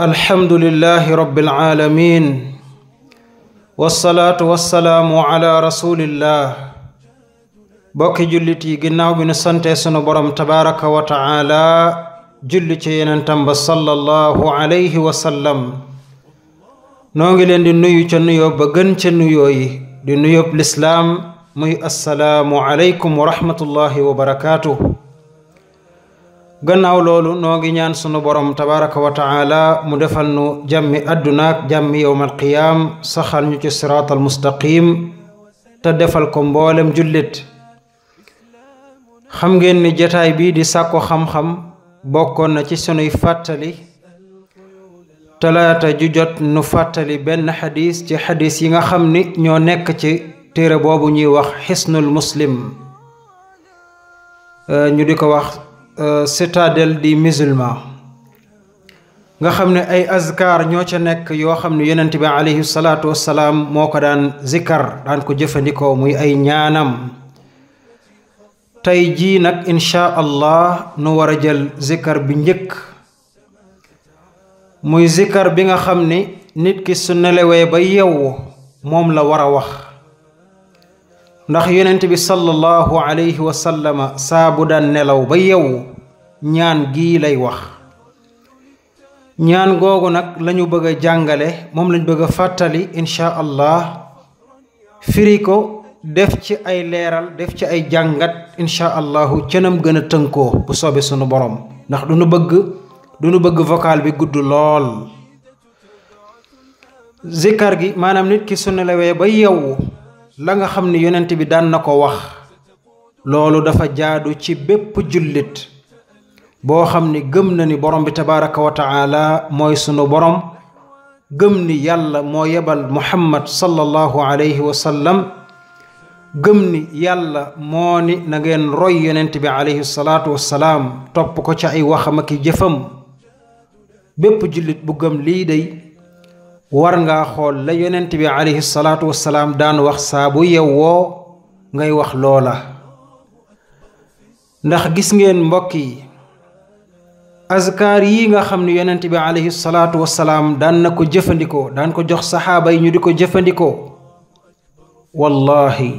الحمد لله رب العالمين والصلاة والسلام على رسول الله bokki jullit yi ginnaaw bi nu sante sunu borom tabaraka wa taala julli ci yenentam ba alayhi wa noo ngi leen di nuyu ca nuyoo ba gën ca nuyoo yi di nuyób lislaam muy assalaamu aleykum wa rahmatullahi wa barakaatuh gannaaw loolu noo ngi ñaan sunu boroom tabaraka wa taala mu defal nu jàmmi addunaak jàmmi yowmal qiyaam saxal ñu ci siraatal mustaqim te defal ko mboolem jullit xam ngeen ni jataay bii di sàkko xam-xam bokkoon na ci sunuy fàttali talaata ju jot nu fàttali benn xadis ci xadis yi nga xam ni ñoo nekk ci téere boobu ñuy wax xisnul muslim ñu di ko wax Euh, citadelle di musulmans nga xam ne ay azkar ñoo ca nekk yoo xam ne yonent bi alayhi salaatu wassalaam moo ko daan zikkar daan ko jëfandikoo muy ay ñaanam tey jii nag inchaa allah nu war a jël zikkar bi njëkk muy zikkar bi nga xam ni nit ki su nelawee ba yeewu moom la war a wax ndax yonent bi sallallahu alayhi wa sallama saa daan nelaw ba yeewu ñaan gii lay wax ñaan googu nag lañu bëgg a jàngale moom lañ bëgg a fàttali incha allah firi ko def ci ay leeral def ci ay jàngat incha allahu cënam gën a tënkoo bu soobee sunu borom ndax du nu bëgg du nu bëgg vocal bi gudd lool zikkar gi maanaam nit ki su nelawee ba yewwu la nga xam ne yonent bi daan na ko wax loolu dafa jaadu ci bépp jullit boo xam ni gëm na ni borom bi tabaraka wa taala mooy sunu borom gëm ni yàlla moo yebal muhammad sallallahu alayhi wa sallam gëm ni yàlla moo ni na ngeen roy yonent bi alayhi salaatu wassalaam topp ko ci ay waxam ak jëfam bépp jullit bu gëm lii day war ngaa xool la yonent bi alayhi salaatu wassalaam daan wax saabu bu yewwoo ngay wax loola ndax gis ngeen mbokk yi azkaar yi nga xam ne yonent bi alayhi salaatu wasalaam daan na ko jëfandikoo daan ko jox saxaaba yi ñu di ko jëfandikoo wallahi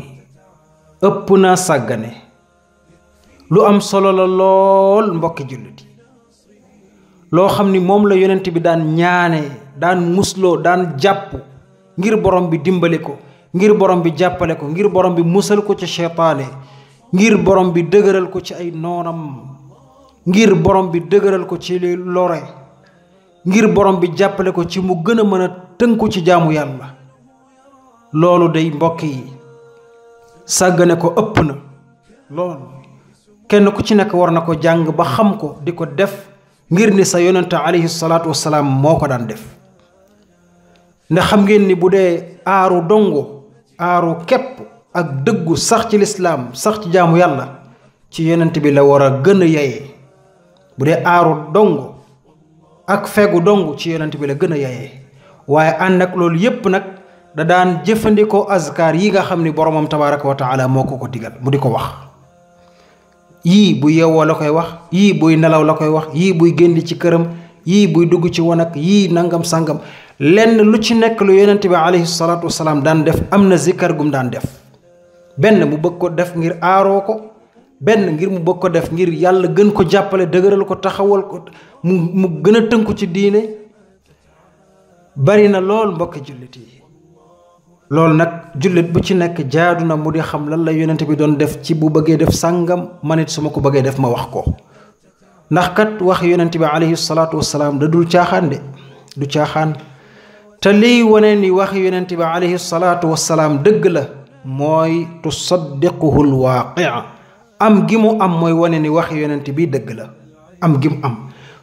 ëpp naa sàggane lu am solo la lool mbokki jullit loo xam ni moom la yonent bi daan ñaane daan musloo daan jàpp ngir borom bi dimbali ko ngir borom bi jàppale ko ngir borom bi musal ko ci seytaane ngir borom bi dëgëral ko ci ay noonam ngir borom bi dëgëral ko ci li lore ngir borom bi jàppale ko ci mu gën a mën a tënku ci jaamu yàlla loolu day mbokk yi sàggane ko ëpp na loolu kenn ku ci nekk war na ko jàng ba xam ko di ko def ngir ni sa yonente alayhi salaatu wasalaam moo ko daan def ndax xam ngeen ni bu dee aaru dongo aaru képp ak dëggu sax ci lislaam sax ci jaamu yàlla ci yonent bi la war a gën a yeyee bu dee aaru dong ak fegu dong ci yonent bi la gën a yeyee waaye ànd ak loolu yépp nag da daan jëfandikoo azkaar yi nga xam ni boromam tabaraka wa taala moo ko ko digal mu di ko wax yii buy yeewoo la koy wax yii buy nelaw la koy wax yii buy génn ci këram yii buy dugg ci wanag yii nangam sangam lenn lu ci nekk lu yenent bi alayhi salaatu wasalaam daan def am na zikkar gum daan def benn mu bëgg ko def ngir aaroo ko benn ngir mu bëgg ko def ngir yàlla gën ko jàppale dëgëral ko taxawal ko mu mu gën a tënku ci diine bari na lool mbokk jullit yi loolu nag jullit bu ci nekk jaadu na mu di xam lan la yonent bi doon def ci bu bëggee def sàngam man it su ma ko bëggee def ma wax ko ndax kat wax yonent bi alayhi salaatu wasalaam da dul caaxaan de du caaxaan te liy wane ni wax yonent bi alayhi salaatu wasalaam dëgg la mooy tusaddiquhu alwaaqia am gi mu am mooy wane ni wax yonent bi dëgg la am gi mu am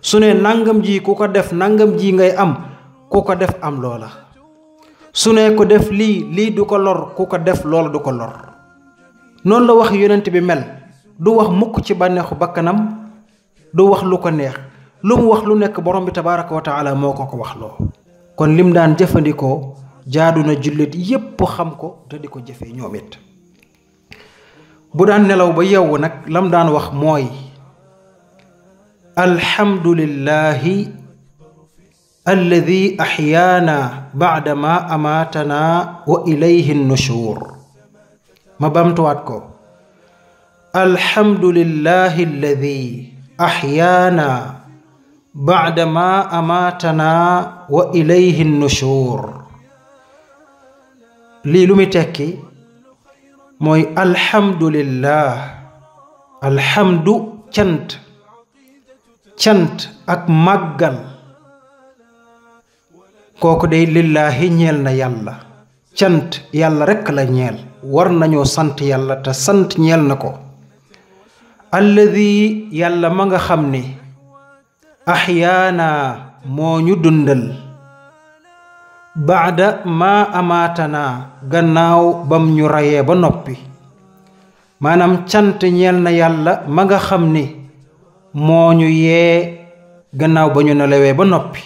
su ne nangam ji ku ko def nangam ji ngay am ku ko def am loola su ne ko def lii lii du ko lor ku ko def loola du ko lor noonu la wax yonent bi mel du wax mukk ci bànneexu bakkanam du wax lu ko neex lu mu wax lu nekk borom bi tabaaraka wa moo ko ko wax loo kon lim daan jëfandikoo jaadu na jullit yépp xam ko te di ko jëfee ñoom it bu daan nelaw ba yewwu nag lam daan wax mooy alhamdulillahi alladi axyaana baada ma amaatana wa ilayhi nushuur ma bamtuwaat ko alhamdulillahi alladi axyaana baada ma amaatana wa ilayhi nushuur lii lu muy tekki mooy alhamdulillah alhamdu cant cant ak màggal kooku day lillaahi ñeel na yàlla cant yàlla rekk la ñeel war nañoo sant yàlla te sant ñeel na ko alladi yàlla ma nga xam ni axyaana moo ñu dundal baada maa amaatanaa gannaaw bam ñu rayee ba noppi maanaam cant ñeel na yàlla ma nga xam ni moo ñu yee gannaaw ba ñu nelawee ba noppi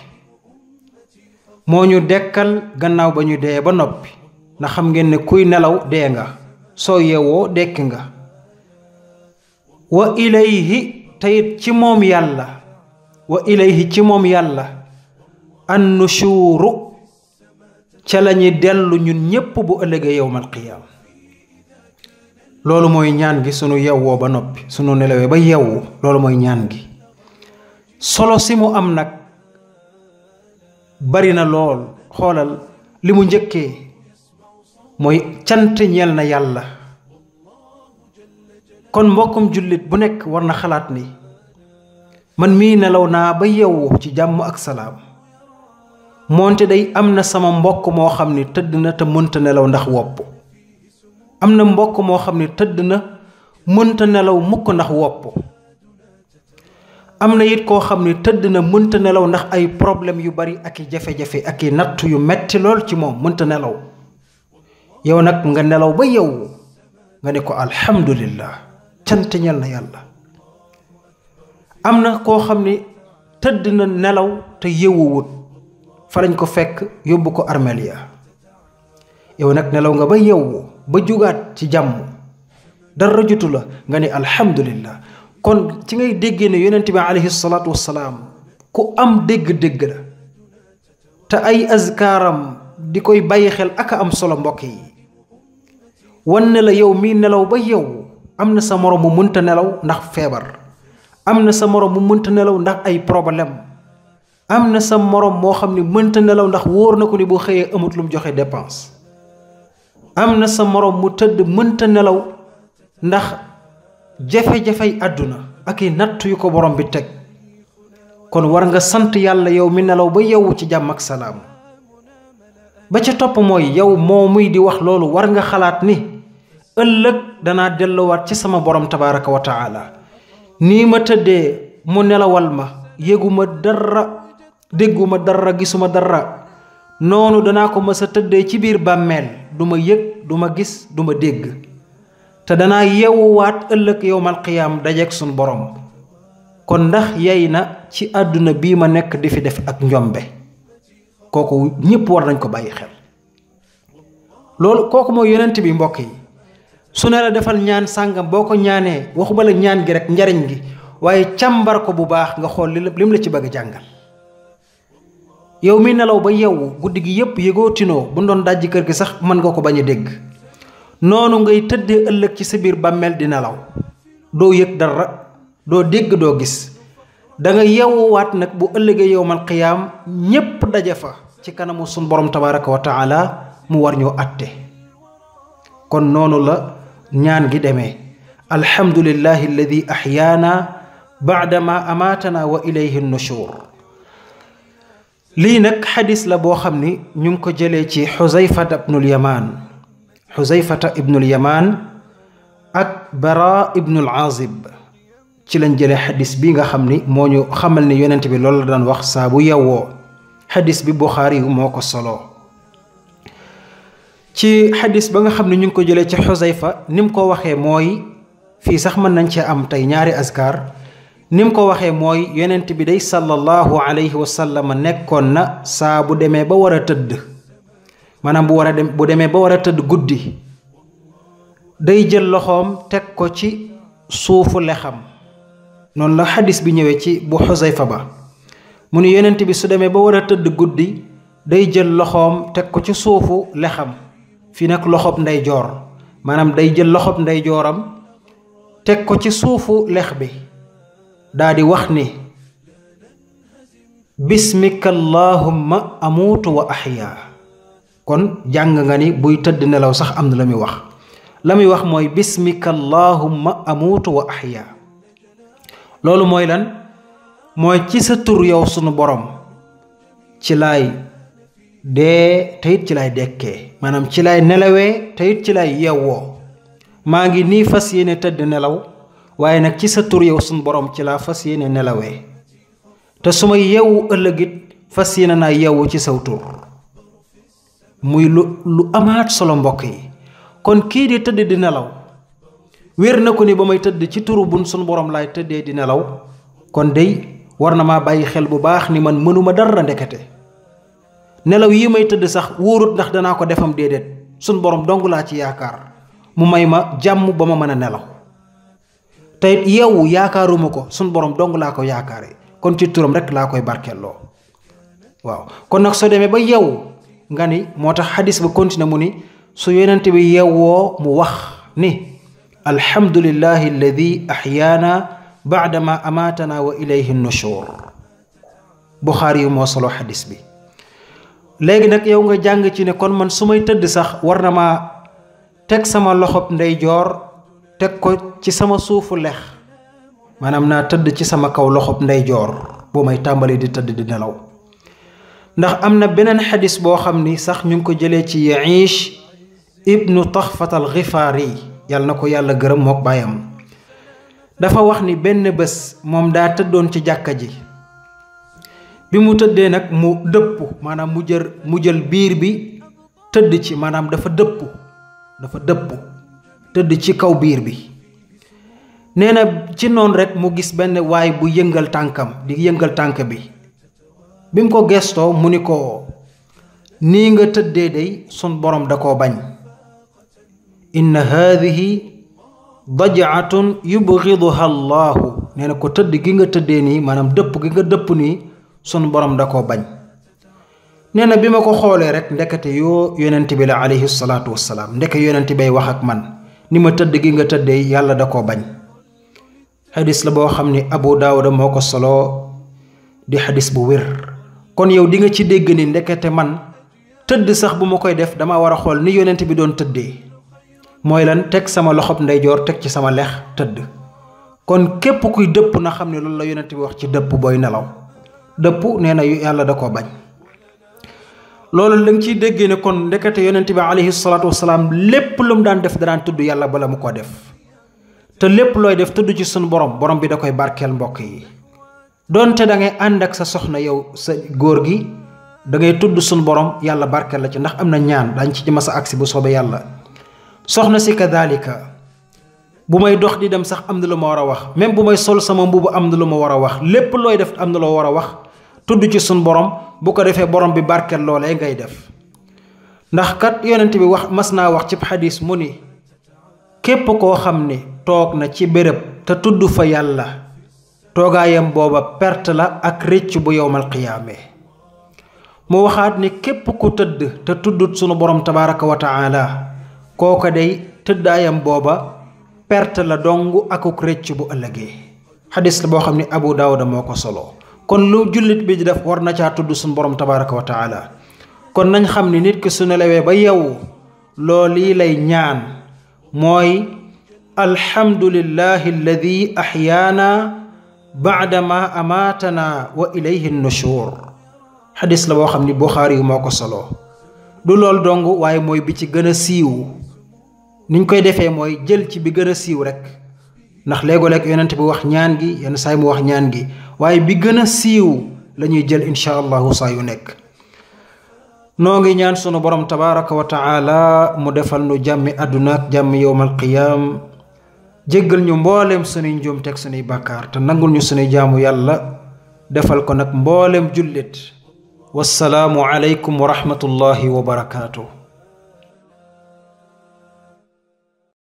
moo ñu dekkal gannaaw ba ñu dee ba noppi ndaxam ngeen ne kuy nelaw dee nga soo yewoo dekki nga wa ilayhi teyit ci moom yàlla wa ilayhi ci moom yàlla an nushuuru ca la dellu ñun ñépp bu ëllëgee yowmal qiyaam loolu mooy ñaan gi sunu yewwoo ba noppi sunu nelawee ba yewwu loolu mooy ñaan gi solo si mu am nag bari na lool xoolal li mu njëkkee mooy cant ñeel na yàlla kon mbokkum jullit bu nekk war na xalaat ni man mii nelaw naa ba yewwu ci jàmm ak salaam moonte day am na sama mbokk moo xam ne tëdd na te mënta nelaw ndax wopp am na mbokk moo xam ne tëdd na mënta nelaw mukk ndax wopp am na yit koo xam ni tëdd na mënta nelaw ndax ay problème yu bari ak i jafe-jafe ak i natt yu metti lool ci moom mënta nelaw yow nag nga nelaw ba yow nga ne ko alhamdulillah cant na yàlla am na koo xam ne tëdd na nelaw te yewuwut fa lañ ko fekk yóbbu ko armeel ya yow nag nelaw nga ba yewwu ba jógaat ci jàmm dara jotu la nga ne alhamdulillah kon ci ngay déggee ne yonent bi alayhi salaatu wasalaam ku am dégg-dégg la te ay azkaaram di koy bàyyi xel ak am solo mbokk yi wan ne la yow mii nelaw ba yow am na sa moroom mu mënta nelaw ndax feebar am na sa moroom mu mënta nelaw ndax ay problème am na sa morom moo xam ne mënta nelaw ndax wóor na ko ni boo xëyee amut mu joxe depanse am na sa morom mu tëdd mënta nelaw ndax jafe-jafey àdduna ak i natt yu ko borom bi teg kon war nga sant yàlla yow mi nelaw ba yow ci jàmm ak salaam ba ca topp mooy yow moo muy di wax loolu war nga xalaat ni ëllëg danaa delluwaat ci sama borom tabaaraka wa taala nii ma tëddee mu nelawal ma yëguma dara dégguma dara gisuma dara noonu danaa ko mës a tëddee ci biir bàmmeel du ma yëg du ma gis du ma dégg te danaa yewwaat ëllëg yowmal qiyaam dajeeg suñ borom kon ndax yey na ci àdduna bii ma nekk di fi def ak njombe kooku ñépp war nañ ko bàyyi xel loolu kooku mooy yonent bi mbokk yi su ne la defal ñaan sàngam boo ko ñaanee waxuma la ñaan gi rek njariñ gi waaye càmbar ko bu baax nga xool li lim la ci bëgg jàngal yow mi nelaw ba yeewu guddi gi yépp yëgootinoo tinoo bu doon dajji kër gi sax mën nga ko bañ a dégg noonu ngay tëddee ëllëg ci sa biir bàmmeel di nelaw doo yëg dara doo dégg doo gis danga nga yeewuwaat nag bu ëllëgee yowmal qiyaam ñépp daje fa ci kanamu sun borom tabaraka wa taala mu war ñoo atte kon noonu la ñaan gi demee alhamdulillahi alladi ahyaana baadama amaatana wa ilayhi nushur lii nag xadis la boo xam ni ñu ngi ko jëlee ci xusayfata ibnul yamaan xusayfata ibnul yamaan ak bara ibnul azib ci lañ jële xadis bi nga xam ni moo ñu xamal ni yonent bi loolu la daan wax saabu bu yewwoo bi buxaari yu moo ko solo ci xadis ba nga xam ne ñu ngi ko jëlee ci xusayfa ni mu ko waxee mooy fii sax mën nañ cee am tey ñaari askar ni mu ko waxee mooy yonent bi day sallallahu alayhi wa sallam nekkoon na saa bu demee ba war a tëdd maanaam bu war a dem bu demee ba war a tëdd guddi day jël loxoom teg ko ci suufu lexam noonu la xadis bi ñëwee ci bu xusayfa mu ni yonent bi su demee ba war a tëdd guddi day jël loxoom teg ko ci suufu lexam fii nag loxob ndeyjoor maanaam day jël loxob ndeyjooram teg ko ci suufu lex bi daa di wax ni bismika allahumma wa ahyaa kon jàng nga ni buy tëdd nelaw sax am na la muy wax la muy wax mooy bismika allahumma amuutu wa ahyaa loolu mooy lan mooy ci sa tur yow sunu borom ci lay dee te ci lay dekkee maanaam ci lay nelawee te it ci laay yewwoo maa ngi nii fas yéene tëdd nelaw waaye nag ci sa tur yow suñu borom ci laa fas yéene nelawee te su ma yeewu ëllëg it fas ne naa yeewu ci saw tur muy lu lu amaat solo mbokk yi kon kii di tëdd di nelaw wéer na ko ni ba may tëdd ci turu bun suñu borom laay tëddee di nelaw kon day war na maa bàyyi xel bu baax ni man mënuma dara ndekete nelaw yi may tëdd sax wóorut ndax danaa ko defam déedéet suñ borom dong laa ci yaakaar mu may ma jàmm ba ma mën a nelaw te it yow yaakaaruma ko suñ borom dong laa ko yaakaare kon ci turam rek laa koy barkeeloo waaw kon nag soo demee ba yow nga ni moo tax xadis ba continué mu ni su yonent bi woo mu wax ni alhamdulillahi alladi axyaana baadama amaatana wa ilayhi nushur buxaari yu moo solo xadis bi léegi nag yow nga jàng ci ne kon man su may tëdd sax war na maa teg sama loxob ndeyjoor teg ko ci sama suufu lex maanaam naa tëdd ci sama kaw loxo ndeyjoor bu may tàmbali di tëdd di nelaw ndax am na beneen xadis boo xam ni sax ñu ngi ko jëlee ci Ya'ish ibnu Taxfatal yi yàlla na ko yàlla gërëm mook baayam dafa wax ni benn bés moom daa tëddoon ci jàkka ji bi mu tëddee nag mu dëpp maanaam mu jël mu jël biir bi tëdd ci maanaam dafa dëpp dafa dëpp tëdd ci kaw biir bi nee na ci noon rek mu gis benn waay bu yëngal tànkam di yëngal tànk bi bi mu ko gestoo mu ni ko nii nga tëddee day sun borom da koo bañ inna haadihi dajaatun yubgiduha allahu nee na ko tëdd gi nga tëddee nii maanaam dëpp gi nga dëpp nii sun borom da koo bañ nee na bi ma ko xoolee rek ndekete yoo yonent bi la alayhi salaatu wassalaam ndeke yonent bay wax ak man ni ma tëdd gi nga tëddee yàlla da koo bañ xadis la boo xam ni abu daawuda moo ko soloo di xadis bu wér kon yow di nga ci dégg ni ndekete man tëdd sax bu ma koy def dama war a xool ni yonent bi doon tëddee mooy lan teg sama loxob ndeyjoor teg ci sama lex tëdd kon képp kuy dëpp na xam ne loolu la yonent bi wax ci dëpp booy nelaw dëpp nee na yàlla da koo bañ loolu la nga ciy déggee ne kon ndekete yonent bi alayhi salaatu wasalaam lépp lu mu daan def danaan tudd yàlla bala mu ko def te lépp looy def tudd ci sunu borom borom bi da koy barkeel mbokk yi donte da ngay ànd ak sa soxna yow sa góor gi dangay tudd sunu borom yàlla barkeel la ci ndax am na ñaan dañ ci ma sa agsi bu soobee yàlla soxna si kadalika bu may dox di dem sax am na lu ma war a wax même bu may sol sama mbubu am na lu ma war a wax lépp looy def am na loo war a wax tudd ci sun borom bu ko defee borom bi barket loolee ngay def ndax kat yonent bi wax mas naa wax ci xadis mu ni képp koo xam ni toog na ci bërëb te tudd fa yàlla toogaayam booba perte la ak rëcc bu yowmal qiyaame mu waxaat ni képp ku tëdd te tudd sunu borom tabaaraka wa taala kooka day tëddaayam booba perte la dong akuk rëcc bu ëllëgee xadis la boo xam ni Abu Daawuda moo ko solo kon lu jullit bi di def war na caa tudd suñu borom tabaraka wa taala kon nañ xam ne nit ki su nelawee ba yeewu loolu yi lay ñaan mooy alhamdulillahi alladi axyaana baadama amaatana wa ilayhi nushur xadis la boo xam ni buxaari yu moo ko solo du lool dong waaye mooy bi ci gën a siiw niñ koy defee mooy jël ci bi gën a siiw rekk ndax léegoo-leeg yonent bi wax ñaan gi yenn saay mu wax ñaan gi waaye bi gën a siiw la ñuy jël incha allahu saa yu nekk noo ngi ñaan sunu borom tabaraka wa taala mu defal nu jàmmi àdduna ak jàmmi yowmal qiyaam jéggal ñu mbooleem sunuy njuum teg sunuy bàkkaar te nangul ñu sunuy jaamu yàlla defal ko nag mbooleem jullit wassalaamu aleykum wa rahmatullahi wa barakaatu